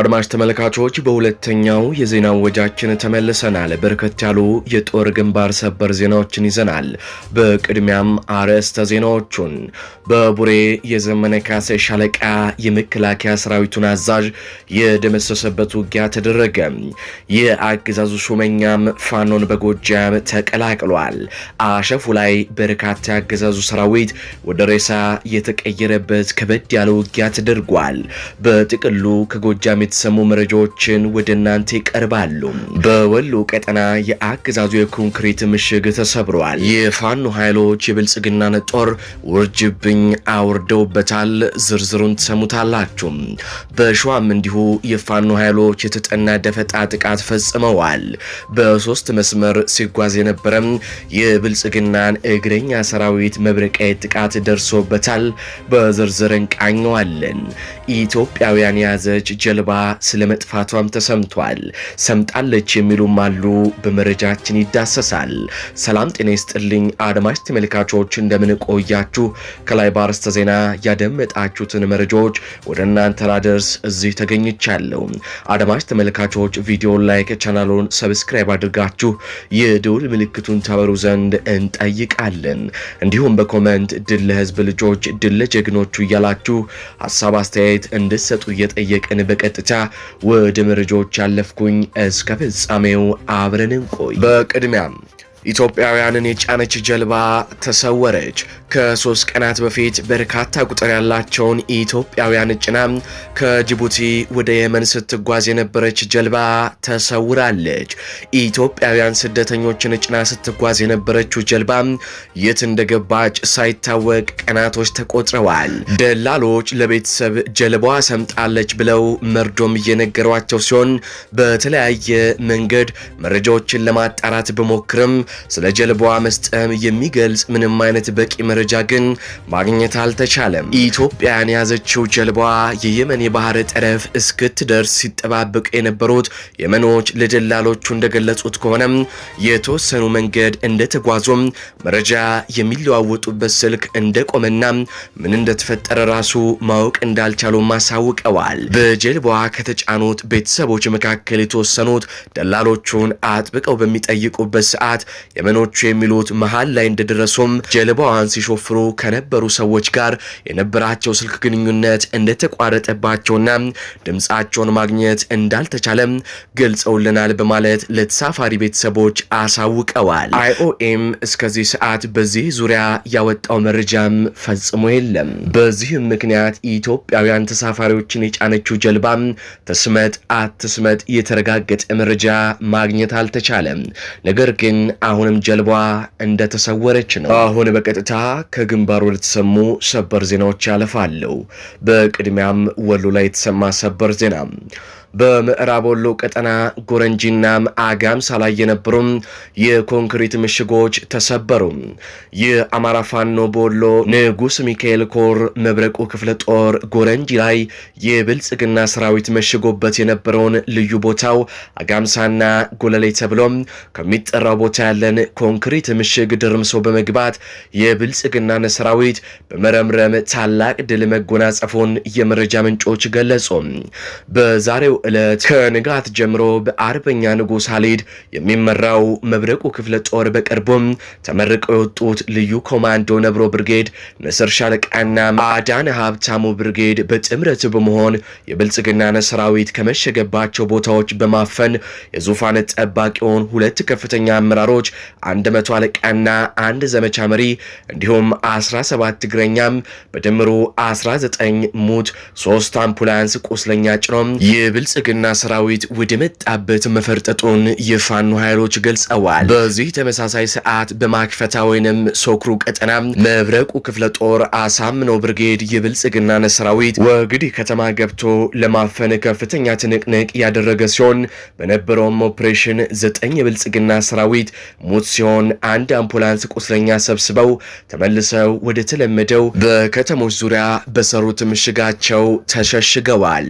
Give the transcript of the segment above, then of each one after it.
አድማጭ ተመልካቾች በሁለተኛው የዜና ወጃችን ተመልሰናል። በርከት ያሉ የጦር ግንባር ሰበር ዜናዎችን ይዘናል። በቅድሚያም አርዕስተ ዜናዎቹን በቡሬ የዘመነ ካሴ ሻለቃ የመከላከያ ሰራዊቱን አዛዥ የደመሰሰበት ውጊያ ተደረገ። የአገዛዙ ሹመኛም ፋኖን በጎጃም ተቀላቅሏል። አሸፉ ላይ በርካታ የአገዛዙ ሰራዊት ወደ ሬሳ የተቀየረበት ከበድ ያለ ውጊያ ተደርጓል። በጥቅሉ ከጎጃም የተሰሙ መረጃዎችን ወደ እናንተ ይቀርባሉ። በወሎ ቀጠና የአገዛዙ የኮንክሪት ምሽግ ተሰብሯል። የፋኖ ኃይሎች የብልጽግናን ጦር ውርጅብኝ አውርደውበታል። ዝርዝሩን ትሰሙታላችሁ። በሸዋም እንዲሁ የፋኖ ኃይሎች የተጠና ደፈጣ ጥቃት ፈጽመዋል። በሶስት መስመር ሲጓዝ የነበረም የብልጽግናን እግረኛ ሰራዊት መብረቃዊ ጥቃት ደርሶበታል። በዝርዝር እንቃኘዋለን። ኢትዮጵያውያን የያዘች ጀልባ ስለ መጥፋቷም ተሰምቷል። ሰምጣለች የሚሉም አሉ። በመረጃችን ይዳሰሳል። ሰላም ጤና ይስጥልኝ አድማጭ ተመልካቾች፣ እንደምን ቆያችሁ? ከላይ ባርስተ ዜና ያደመጣችሁትን መረጃዎች ወደ እናንተ ላደርስ እዚህ ተገኝቻለሁ። አድማጭ ተመልካቾች ቪዲዮን ላይክ፣ ቻናሉን ሰብስክራይብ አድርጋችሁ የደውል ምልክቱን ታበሩ ዘንድ እንጠይቃለን። እንዲሁም በኮመንት ድል ለህዝብ ልጆች፣ ድል ለጀግኖቹ እያላችሁ ሀሳብ አስተያየት እንድሰጡ እየጠየቅን በቀጥ በቀጥታ ወደ መረጃዎች ያለፍኩኝ፣ እስከ ፍጻሜው አብረን እንቆይ። በቅድሚያም ኢትዮጵያውያንን የጫነች ጀልባ ተሰወረች። ከሶስት ቀናት በፊት በርካታ ቁጥር ያላቸውን ኢትዮጵያውያን ጭና ከጅቡቲ ወደ የመን ስትጓዝ የነበረች ጀልባ ተሰውራለች። ኢትዮጵያውያን ስደተኞችን ጭና ስትጓዝ የነበረችው ጀልባ የት እንደገባች ሳይታወቅ ቀናቶች ተቆጥረዋል። ደላሎች ለቤተሰብ ጀልባዋ ሰምጣለች ብለው መርዶም እየነገሯቸው ሲሆን በተለያየ መንገድ መረጃዎችን ለማጣራት ብሞክርም ስለ ጀልባዋ መስጠም የሚገልጽ ምንም አይነት በቂ መረጃ መረጃ ግን ማግኘት አልተቻለም። ኢትዮጵያን የያዘችው ጀልባዋ የየመን የባህር ጠረፍ እስክትደርስ ሲጠባበቁ የነበሩት የመኖች ለደላሎቹ እንደገለጹት ከሆነም የተወሰኑ መንገድ እንደተጓዙም መረጃ የሚለዋወጡበት ስልክ እንደቆመና ምን እንደተፈጠረ ራሱ ማወቅ እንዳልቻሉ ማሳውቀዋል። በጀልባዋ ከተጫኑት ቤተሰቦች መካከል የተወሰኑት ደላሎቹን አጥብቀው በሚጠይቁበት ሰዓት የመኖቹ የሚሉት መሃል ላይ እንደደረሱም ጀልባዋን ሲሾ ሲሾፍሩ ከነበሩ ሰዎች ጋር የነበራቸው ስልክ ግንኙነት እንደተቋረጠባቸውና ድምፃቸውን ማግኘት እንዳልተቻለም ገልጸውልናል በማለት ለተሳፋሪ ቤተሰቦች አሳውቀዋል። አይኦኤም እስከዚህ ሰዓት በዚህ ዙሪያ ያወጣው መረጃም ፈጽሞ የለም። በዚህም ምክንያት ኢትዮጵያውያን ተሳፋሪዎችን የጫነችው ጀልባ ተስመጥ አትስመጥ የተረጋገጠ መረጃ ማግኘት አልተቻለም። ነገር ግን አሁንም ጀልባ እንደተሰወረች ነው። አሁን በቀጥታ ከግንባር ወደ ተሰሙ ሰበር ዜናዎች ያለፋለሁ። በቅድሚያም ወሎ ላይ የተሰማ ሰበር ዜና በምዕራብ ወሎ ቀጠና ጎረንጂና አጋምሳ ላይ የነበሩ የኮንክሪት ምሽጎች ተሰበሩ። የአማራ ፋኖ በወሎ ንጉስ ሚካኤል ኮር መብረቁ ክፍለ ጦር ጎረንጂ ላይ የብልጽግና ሰራዊት መሽጎበት የነበረውን ልዩ ቦታው አጋምሳና ጎለሌ ተብሎም ከሚጠራው ቦታ ያለን ኮንክሪት ምሽግ ደርምሶ በመግባት የብልጽግናን ሰራዊት በመረምረም ታላቅ ድል መጎናጸፉን የመረጃ ምንጮች ገለጹ። በዛሬው ዕለት ከንጋት ጀምሮ በአርበኛ ንጉስ ሀሊድ የሚመራው መብረቁ ክፍለ ጦር በቅርቡም ተመርቀው የወጡት ልዩ ኮማንዶ ነብሮ ብርጌድ፣ ንስር ሻለቃና አዳነ ሀብታሙ ብርጌድ በጥምረት በመሆን የብልጽግናን ሰራዊት ከመሸገባቸው ቦታዎች በማፈን የዙፋን ጠባቂውን ሁለት ከፍተኛ አመራሮች አንድ መቶ አለቃና አንድ ዘመቻ መሪ እንዲሁም 17 እግረኛም በድምሩ 19 ሙት ሶስት አምፑላንስ ቁስለኛ ጭኖ የብልጽግና ሰራዊት ወደ መጣበት መፈርጠጡን የፋኖ ኃይሎች ገልጸዋል። በዚህ ተመሳሳይ ሰዓት በማክፈታ ወይንም ሶክሩ ቀጠና መብረቁ ክፍለ ጦር አሳምነው ብርጌድ የብልጽግናን ሰራዊት ወግዲ ከተማ ገብቶ ለማፈን ከፍተኛ ትንቅንቅ ያደረገ ሲሆን በነበረውም ኦፕሬሽን ዘጠኝ የብልጽግና ሰራዊት ሙት ሲሆን አንድ አምቡላንስ ቁስለኛ ሰብስበው ተመልሰው ወደ ተለመደው በከተሞች ዙሪያ በሰሩት ምሽጋቸው ተሸሽገዋል።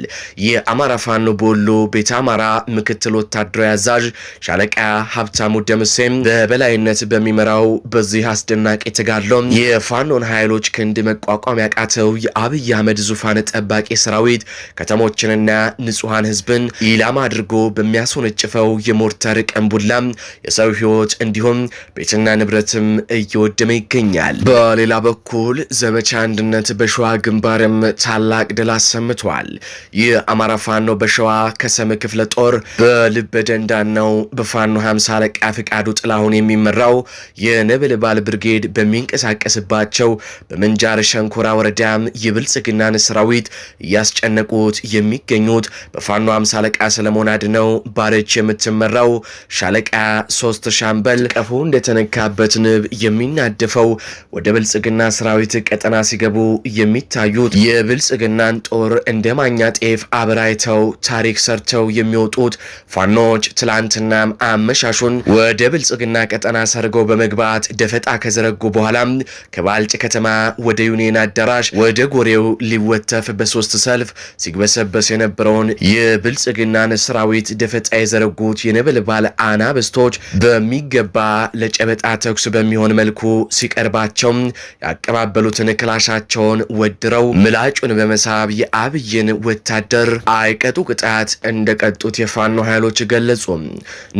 የአማራ ፋኖ ቦሎ ቤተ አማራ ምክትል ወታደራዊ አዛዥ ሻለቃ ሀብታሙ ደምሴም በበላይነት በሚመራው በዚህ አስደናቂ ተጋድሎ የፋኖን ኃይሎች ክንድ መቋቋም ያቃተው የአብይ አህመድ ዙፋን ጠባቂ ሰራዊት ከተሞችንና ንጹሐን ህዝብን ኢላማ አድርጎ በሚያስወነጭፈው የሞርተር ቀንቡላም የሰው ህይወት እንዲሁም ቤትና ንብረትም እየወደመ ይገኛል። በሌላ በኩል ዘመቻ አንድነት በሸዋ ግንባርም ታላቅ ድል አሰምቷል። አማራ ፋኖ በሸ ሸዋ ከሰም ክፍለ ጦር በልበ ደንዳናው በፋኖ ሀምሳ አለቃ ፍቃዱ ጥላሁን የሚመራው የነበልባል ብርጌድ በሚንቀሳቀስባቸው በምንጃር ሸንኮራ ወረዳም የብልጽግናን ሰራዊት እያስጨነቁት የሚገኙት በፋኖ ሃምሳ አለቃ ሰለሞን አድነው ባረች የምትመራው ሻለቃ ሶስት ሻምበል ቀፎ እንደተነካበት ንብ የሚናደፈው ወደ ብልጽግና ሰራዊት ቀጠና ሲገቡ የሚታዩት የብልጽግናን ጦር እንደ ማኛ ጤፍ አብራይተው ታሪክ ሰርተው የሚወጡት ፋኖች ትላንትና አመሻሹን ወደ ብልጽግና ቀጠና ሰርገው በመግባት ደፈጣ ከዘረጉ በኋላ ከባልጭ ከተማ ወደ ዩኒየን አዳራሽ ወደ ጎሬው ሊወተፍ በሶስት ሰልፍ ሲግበሰበስ የነበረውን የብልጽግናን ሰራዊት ደፈጣ የዘረጉት የነበልባል አናብስቶች በሚገባ ለጨበጣ ተኩስ በሚሆን መልኩ ሲቀርባቸው ያቀባበሉትን ክላሻቸውን ወድረው ምላጩን በመሳብ የአብይን ወታደር አይቀጡ ቅጣት እንደቀጡት የፋኖ ኃይሎች ገለጹ።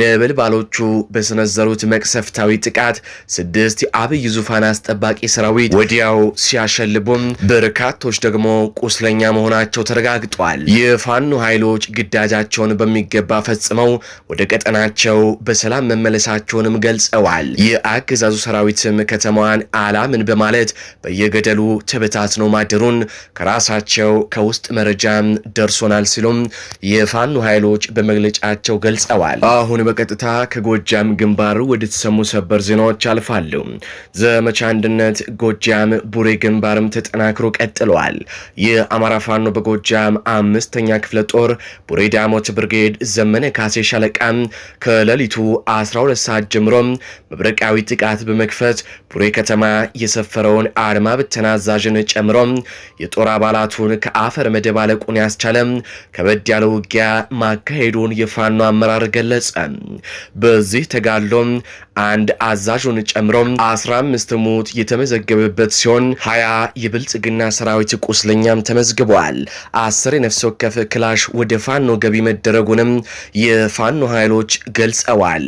ነበልባሎቹ በሰነዘሩት መቅሰፍታዊ ጥቃት ስድስት የአብይ ዙፋን አስጠባቂ ሰራዊት ወዲያው ሲያሸልቡም፣ በርካቶች ደግሞ ቁስለኛ መሆናቸው ተረጋግጧል። የፋኖ ኃይሎች ግዳጃቸውን በሚገባ ፈጽመው ወደ ቀጠናቸው በሰላም መመለሳቸውንም ገልጸዋል። የአገዛዙ ሰራዊትም ከተማዋን አላምን በማለት በየገደሉ ተበታትኖ ማደሩን ከራሳቸው ከውስጥ መረጃም ደርሶናል ሲሉም የፋኖ ኃይሎች በመግለጫቸው ገልጸዋል። አሁን በቀጥታ ከጎጃም ግንባር ወደ ተሰሙ ሰበር ዜናዎች አልፋሉ። ዘመቻ አንድነት ጎጃም ቡሬ ግንባርም ተጠናክሮ ቀጥለዋል። የአማራ ፋኖ በጎጃም አምስተኛ ክፍለ ጦር ቡሬ ዳሞት ብርጌድ ዘመነ ካሴ ሻለቃ ከሌሊቱ 12 ሰዓት ጀምሮ መብረቃዊ ጥቃት በመክፈት ቡሬ ከተማ የሰፈረውን አድማ ብተና አዛዥን ጨምሮ የጦር አባላቱን ከአፈር መደባለቁን ያስቻለም ከበድ ያለ ውጊያ ማካሄዱን የፋኖ አመራር ገለጸ። በዚህ ተጋሎ አንድ አዛዥን ጨምሮ 15 ሙት የተመዘገበበት ሲሆን 20 የብልጽግና ሰራዊት ቁስለኛም ተመዝግበዋል። አስር የነፍስ ወከፍ ክላሽ ወደ ፋኖ ገቢ መደረጉንም የፋኖ ኃይሎች ገልጸዋል።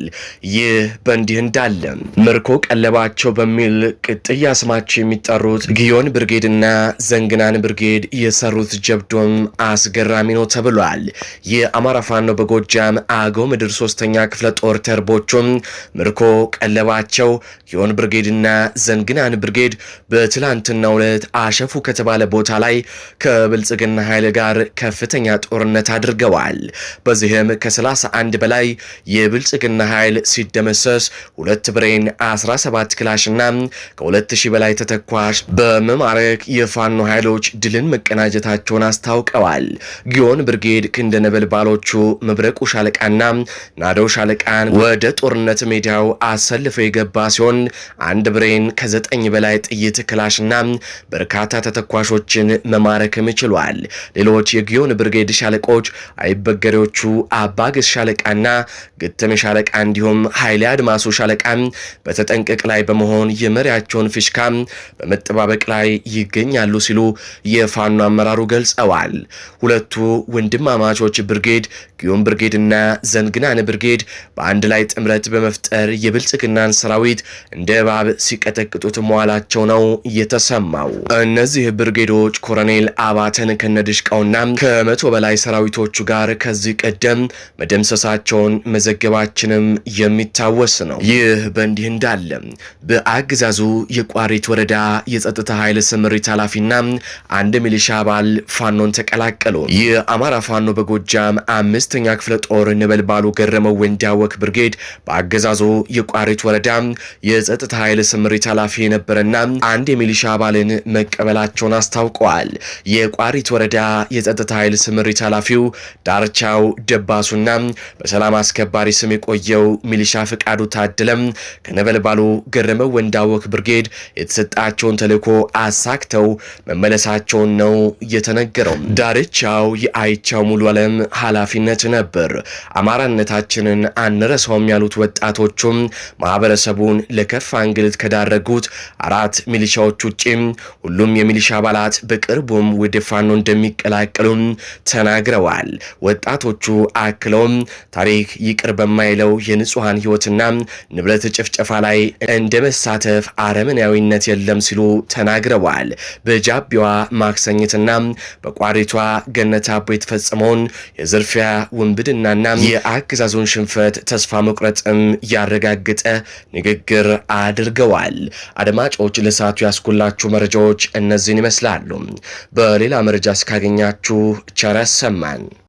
ይህ በእንዲህ እንዳለ ምርኮ ቀለባቸው በሚል ቅጥያ ስማቸው የሚጠሩት ጊዮን ብርጌድና ዘንግናን ብርጌድ የሰሩት ጀብዶም አስገራሚ ነው ተብሏል። ይላል። የአማራ ፋኖ በጎጃም አገው ምድር ሶስተኛ ክፍለ ጦር ተርቦቹም ምርኮ ቀለባቸው ዮን ብርጌድና ዘንግናን ብርጌድ በትላንትናው ዕለት አሸፉ ከተባለ ቦታ ላይ ከብልጽግና ኃይል ጋር ከፍተኛ ጦርነት አድርገዋል። በዚህም ከ31 በላይ የብልጽግና ኃይል ሲደመሰስ ሁለት ብሬን 17 ክላሽና ከ2000 በላይ ተተኳሽ በመማረክ የፋኖ ኃይሎች ድልን መቀናጀታቸውን አስታውቀዋል። ጊዮን ብርጌድ ብርጌድ ክንደ ነበልባሎቹ መብረቁ ሻለቃና ናደው ሻለቃን ወደ ጦርነት ሜዳው አሰልፎ የገባ ሲሆን አንድ ብሬን ከዘጠኝ በላይ ጥይት ክላሽና በርካታ ተተኳሾችን መማረክም ችሏል። ሌሎች የጊዮን ብርጌድ ሻለቆች አይበገሬዎቹ አባግስ ሻለቃና ግትም ሻለቃ እንዲሁም ኃይሌ አድማሱ ሻለቃ በተጠንቀቅ ላይ በመሆን የመሪያቸውን ፊሽካ በመጠባበቅ ላይ ይገኛሉ ሲሉ የፋኖ አመራሩ ገልጸዋል። ሁለቱ ወንድማ ወንድማማቾች ብርጌድ፣ ብርጌድ እና ዘንግናን ብርጌድ በአንድ ላይ ጥምረት በመፍጠር የብልጽግናን ሰራዊት እንደ እባብ ሲቀጠቅጡት መዋላቸው ነው የተሰማው። እነዚህ ብርጌዶች ኮሎኔል አባተን ከነድሽቃውና ከመቶ በላይ ሰራዊቶቹ ጋር ከዚህ ቀደም መደምሰሳቸውን መዘገባችንም የሚታወስ ነው። ይህ በእንዲህ እንዳለ በአገዛዙ የቋሪት ወረዳ የጸጥታ ኃይል ስምሪት ኃላፊና አንድ ሚሊሻ አባል ፋኖን ተቀላቀሉ። የአማራ ፋኖ ፋኖ በጎጃም አምስተኛ ክፍለ ጦር ነበልባሉ ገረመው ወንዳወክ ብርጌድ በአገዛዙ የቋሪት ወረዳ የጸጥታ ኃይል ስምሪት ኃላፊ የነበረና አንድ የሚሊሻ አባልን መቀበላቸውን አስታውቀዋል። የቋሪት ወረዳ የጸጥታ ኃይል ስምሪት ኃላፊው ዳርቻው ደባሱና በሰላም አስከባሪ ስም የቆየው ሚሊሻ ፍቃዱ ታደለም ከነበልባሉ ገረመው ወንዳወክ ብርጌድ የተሰጣቸውን ተልዕኮ አሳክተው መመለሳቸውን ነው የተነገረው። ዳርቻው የአይቻው ሙሉ ዓለም ኃላፊነት ነበር። አማራነታችንን አንረሳውም ያሉት ወጣቶቹም ማህበረሰቡን ለከፋ እንግልት ከዳረጉት አራት ሚሊሻዎች ውጪም ሁሉም የሚሊሻ አባላት በቅርቡም ወደ ፋኖ እንደሚቀላቀሉም ተናግረዋል። ወጣቶቹ አክለውም ታሪክ ይቅር በማይለው የንጹሐን ህይወትና ንብረት ጭፍጨፋ ላይ እንደ መሳተፍ አረመናዊነት የለም ሲሉ ተናግረዋል። በጃቢዋ ማክሰኝትና በቋሪቷ ገነት አቦ የተፈጸ የተፈጸመውን የዝርፊያ ውንብድናና የአገዛዙን ሽንፈት ተስፋ መቁረጥም ያረጋገጠ ንግግር አድርገዋል። አድማጮች ለሰዓቱ ያስኩላችሁ መረጃዎች እነዚህን ይመስላሉ። በሌላ መረጃ እስካገኛችሁ ቸር ያሰማን።